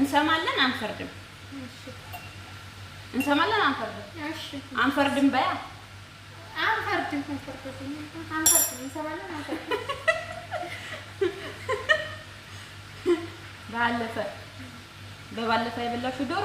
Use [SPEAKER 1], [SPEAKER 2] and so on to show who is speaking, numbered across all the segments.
[SPEAKER 1] እንሰማለን አንፈርድም። እንሰማለን አንፈርድም። አንፈርድም በያ
[SPEAKER 2] አንፈርድም አንፈርድም እንሰማለን አንፈርድም።
[SPEAKER 1] ባለፈ በባለፈ የበላሽው ዶሮ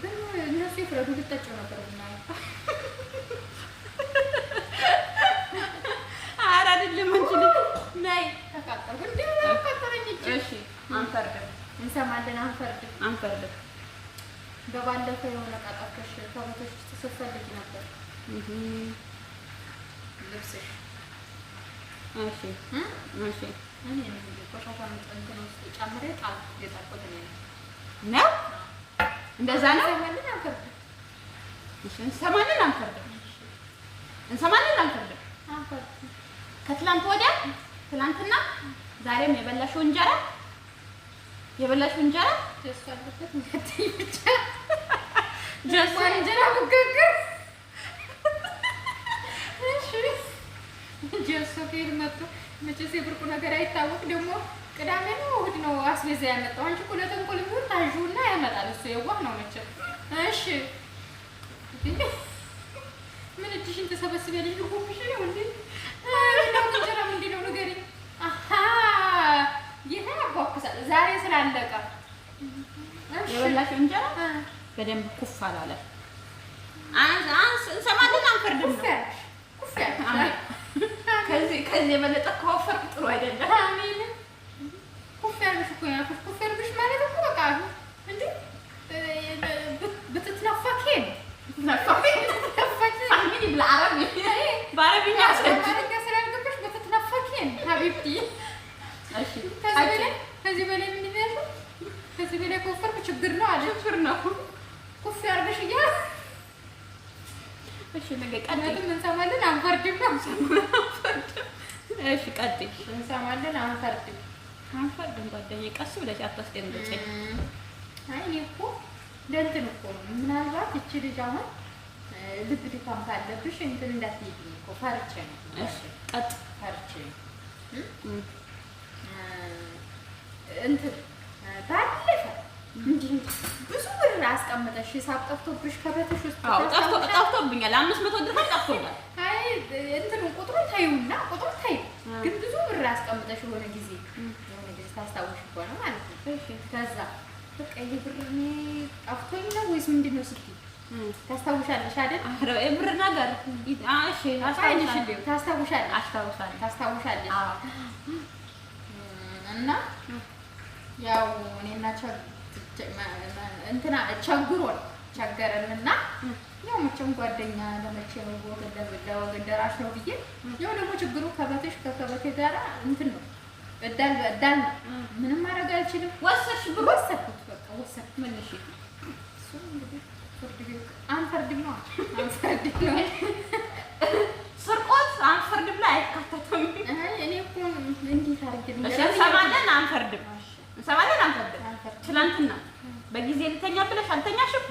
[SPEAKER 2] ግን እነሱ የፍረዱ ልጠጨው ነበር ቡና
[SPEAKER 1] ኧረ አይደለም እንጂ
[SPEAKER 2] ናይ ተቃጠልኩ። እንዲ አቃጠለኝ
[SPEAKER 1] እጅ። አንፈርድም፣
[SPEAKER 2] እንሰማለን። አንፈርድም፣ አንፈርድም። በባለፈው የሆነ ቃጣቶች ከቦቶች ስትፈልጊ ነበር ልብስሽ ቆሻሻ ጨምሬ ጣል የጣልኩት
[SPEAKER 1] ነው እንደዛ ነው። እንሰማለን አንፈርድም፣ እንሰማለን አንፈርድም። ከትላንት ወዲያ ትላንትና ዛሬም የበላሽው እንጀራ የበላሽው እንጀራ
[SPEAKER 2] እንጀራ መጋገር መቼስ የብርቁ ነገር አይታወቅ። ደግሞ ቅዳሜ ነው እሑድ ነው አስቤዛ ያመጣው አንቺ እኮ ለተንኮል ታዥውና እሱ የዋህ ነው መቼም። እሺ ምን እጅሽን ተሰበስቢያለሽ? ልቦብሽ ነው እንዴ? እንጀራ ምንድን ነው ንገሪኝ።
[SPEAKER 1] ይሄ ያጓኩሳል። ዛሬ ስላለቀ የበላሽው እንጀራ በደንብ ኩፍ አላለ። እንሰማለን፣ አንፈርድም
[SPEAKER 2] ነው ከዚህ የበለጠ ከወፈር ጥሩ አይደለም። ኩፍ እኮ ኩፍ ማለት እኮ በቃ ከቆፈርኩ ችግር ነው አለ። ችግር ነው ኩፍ ያርገሽ እያለ
[SPEAKER 1] እሺ፣ ነገ ቀጥም
[SPEAKER 2] እንሰማለን። አንፈርድም
[SPEAKER 1] ነው እሺ፣ ቀጥይ
[SPEAKER 2] እንሰማለን። አንፈርድም
[SPEAKER 1] አንፈርድም። ጓደኛዬ ቀስ ብለሽ አታስደንግጨኝ።
[SPEAKER 2] አይ እኔ እኮ ለእንትን እኮ ነው ምናልባት እቺ ልጅ አሁን ልብ ድካም ካለብሽ እንትን እንዳትሄድ እኮ ፈርቼ ነው።
[SPEAKER 1] እሺ፣ ቀጥ
[SPEAKER 2] ፈርቼ ነው እንትን ታዲያ ብዙ ብር አስቀምጠሽ ሂሳብ ጠፍቶብሽ ከበተሽ ውስጥ
[SPEAKER 1] ጠፍቶብኛል፣ አምስት መቶ ድርሃም ጠፍቶኛል።
[SPEAKER 2] እንትን ቁጥሩን ታዩና ቁጥሩን ታዩ፣ ግን ብዙ ብር አስቀምጠሽ የሆነ ጊዜ የሆነ ጊዜ ታስታውሽ ከሆነ ማለት ነው። ከዛ በቃ ይህ ብር እኔ ጠፍቶኝ ነው ወይስ ምንድን ነው ስትይ ታስታውሻለሽ አይደል?
[SPEAKER 1] ብር ነገር እሺ፣
[SPEAKER 2] ታስታውሻለሽ ታስታውሻለሽ እና ያው እኔ እናቸው እንትና ቸግሮን ቸገረንና ያው መቼም ጓደኛ ለመቼ ነው ወገን ለወገን ደራሽ ነው ብዬ ያው ደግሞ ችግሩ ከበቴሽ ከከበቴ ጋር እንትን ነው እዳል በእዳል ነው። ምንም ማድረግ አልችልም።
[SPEAKER 1] ወሰድሽ ብሎ ወሰድኩት፣
[SPEAKER 2] በቃ ወሰድኩት። መልሼ አንፈርድም ነው አንፈርድም ነው
[SPEAKER 1] ትናንትና በጊዜ ልተኛ ብለሽ አልተኛሽም።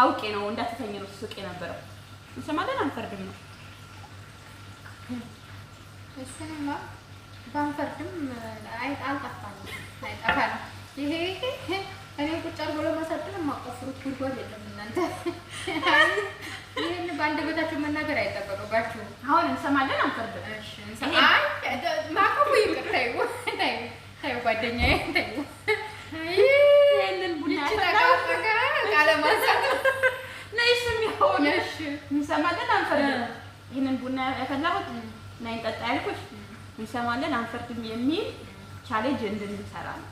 [SPEAKER 1] አውቄ ነው እንዳትተኝ ነው ሱቅ የነበረው እንሰማለን። አንፈርድም ነው
[SPEAKER 2] እሱንማ ባንፈርድም አልጠፋንም ይሄ እኔ ቁጭ አድርጎ ለማሳደር የማቆፍሩት ጉድጓድ የለም። እናንተ ይህን በአንድ በታችሁ መናገር አይጠበቅባችሁም።
[SPEAKER 1] አሁን እንሰማለን፣ አንፈርድም።
[SPEAKER 2] ማቆፉ ይቅር ተይው፣ ተይው ጓደኛዬ ተይው
[SPEAKER 1] ቡና ያፈላሁት እና እንጠጣ ያልኩሽ እንሰማለን አንፈርድም የሚል ቻሌንጅ እንድንሰራ ነው።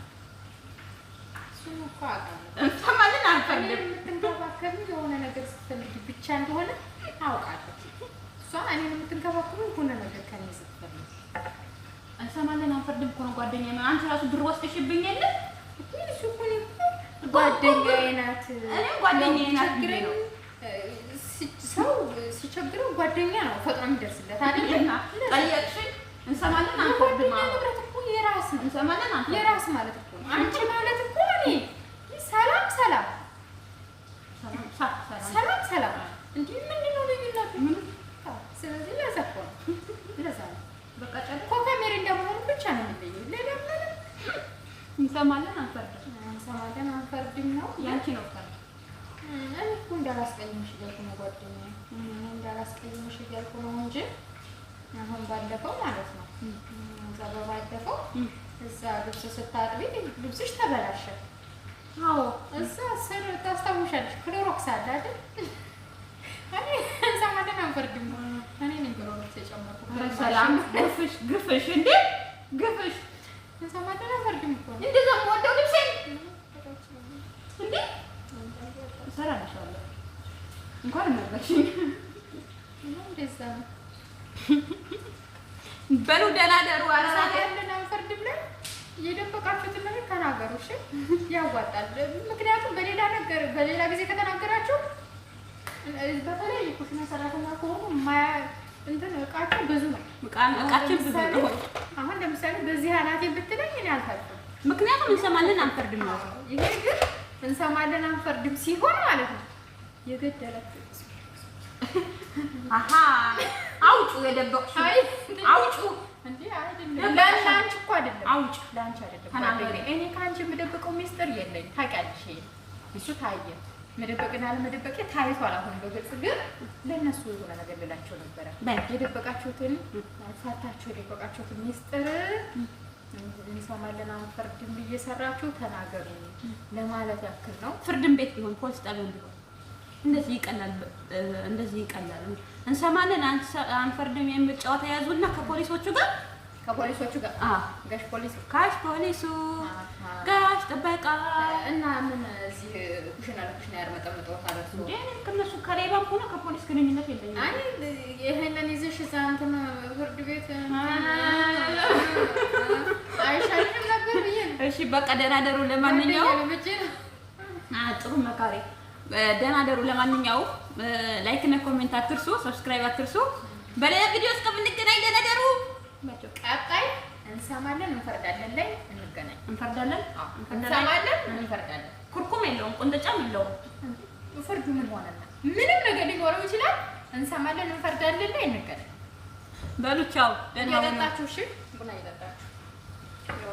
[SPEAKER 1] እንሰማለን
[SPEAKER 2] አንፈርድም የሆነ ነገር ስትፈልግ ብቻ እንደሆነ
[SPEAKER 1] አውቃለሁ።
[SPEAKER 2] እሷ እኔን የምትንከባከበው የሆነ ነገር ከኔ ስትፈልግ
[SPEAKER 1] እንሰማለን አንፈርድም እኮ ነው ጓደኛ ነው። አንቺ ራሱ ብር ወስደሽብኝ የለ
[SPEAKER 2] ጓደኛዬ ናት፣
[SPEAKER 1] እኔም ጓደኛዬ ናት
[SPEAKER 2] ነው ሰው ሲቸግረው ጓደኛ ነው ፈጥኖ የሚደርስለት አይደለም።
[SPEAKER 1] ጠየቅሽኝ እንሰማለን። አንኮድማ
[SPEAKER 2] ንብረት እኮ የራስ ነው።
[SPEAKER 1] እንሰማለን። አንተ
[SPEAKER 2] የራስ ማለት እኮ
[SPEAKER 1] አንቺ ማለት እኮ እኔ ሰላም ሰላም ሰላም ሰላም
[SPEAKER 2] እንዲህ ምንድን ነው ልዩነቱ? ስለዚህ ለዛ እኮ ነው ለዛ ነው በቃ ጨ እኮ ከሜሪንዳ መሆኑ ብቻ ነው የሚለየው።
[SPEAKER 1] ሌላ ምንም እንሰማለን። አንፈርድም
[SPEAKER 2] እንሰማለን። አንፈርድም ነው
[SPEAKER 1] ያንቺ ነው ፈርድ
[SPEAKER 2] እኮ እንዳላስቀይምሽ እያልኩ ነው ጓደኛዬ፣ እንዳላስቀይምሽ እያልኩ ነው እንጂ አሁን ባለፈው ማለት ነው እዛ በባለፈው እዛ ልብስ ስታጥቢ ልብስሽ ተበላሸ። አዎ እዛ ስር ታስታውሻለሽ፣ ክሎሮክስ አለ አይደል? እኔ እዛ ማለት አንፈርድም። እኔ ነኝ ክሎሮክስ የጨመርኩት።
[SPEAKER 1] ግፍሽ ግፍሽ እንዴ
[SPEAKER 2] ግፍሽ እዛ ማለት አንፈርድም እኮ
[SPEAKER 1] ነው በሉ ደህና ደሩ።
[SPEAKER 2] የደበቃችሁትን ነገር ተናገሩ። እሺ ያዋጣል። ምክንያቱም በሌላ ነገር በሌላ ጊዜ ከተናገራችሁ በተለይ ኩሽና ሰራተኛ ከሆኑ እንትን እቃቸው ብዙ ነው።
[SPEAKER 1] እቃችን ብዙ ነው።
[SPEAKER 2] አሁን ለምሳሌ በዚህ ኃላፊ ብትለኝ እኔ አልፈርድም።
[SPEAKER 1] ምክንያቱም እንሰማለን አንፈርድም ነው።
[SPEAKER 2] ይሄ ግን እንሰማለን አንፈርድም ሲሆን ማለት ነው የገደለት
[SPEAKER 1] አሀ አውጩ የደበቅሽው አውጩ ለአንቺ እኮ አይደለም።
[SPEAKER 2] አውጭ ለአንቺ እኔ ከአንቺ የምደብቀው ሚስጥር የለኝ። ታውቂያለሽ፣ እሱ ታየ መደበቅና ለመደበቅ ታይቷል። አሁን በግልጽ ግን ለእነሱ የሆነ ነገር ልላቸው ነበረ። የደበቃችሁትን ሳታችሁ የደበቃችሁትን ሚስጥር እንሰማለን። አሁን ፍርድም እየሰራችሁ ተናገሩ ለማለት ያክል ነው።
[SPEAKER 1] ፍርድም ቤት ቢሆን ፖሊስ ቢሆን እንደዚህ ይቀላል፣ እንደዚህ ይቀላል። እንሰማለን፣ አንፈርድም የሚል ጨዋታ ያዙና ከፖሊሶቹ ጋር
[SPEAKER 2] ከፖሊሶቹ ጋር ጋሽ ፖሊስ
[SPEAKER 1] ጋሽ ፖሊሱ ጋሽ ጥበቃ
[SPEAKER 2] እና ምን እዚህ ኩሽና ለኩሽና ያርመጠመጠው ታረሱ
[SPEAKER 1] እንዴ? ከነሱ ከሌባም ሆነ ከፖሊስ ግንኙነት የለኝም።
[SPEAKER 2] አይ ይሄንን ይዘሽ እዛ እንትን ፍርድ ቤት አይሻልም ነበር ብዬ።
[SPEAKER 1] እሺ በቃ ደህና ደሩ። ለማንኛውም ጥሩ መካሬ ደህና ደሩ። ለማንኛውም ላይክ እና ኮሜንት አትርሱ፣ ሰብስክራይብ አትርሱ። በሌላ ቪዲዮ እስከምንገናኝ ደህና ደሩ።
[SPEAKER 2] ቀጣይ እንሰማለን፣ እንፈርዳለን። ላይ እንገናኝ። እንፈርዳለን፣ እንሰማለን፣ እንፈርዳለን።
[SPEAKER 1] ኩርኩም የለውም፣ ቁንጥጫም የለውም።
[SPEAKER 2] ፍርዱ ምን ሆነና
[SPEAKER 1] ምንም ነገር ሊኖረው ይችላል። እንሰማለን፣ እንፈርዳለን። ላይ እንገናኝ። በሉ ቻው፣
[SPEAKER 2] ደህና ሁኑ። እየጠጣችሁ እሺ፣ ቡና እየጠጣችሁ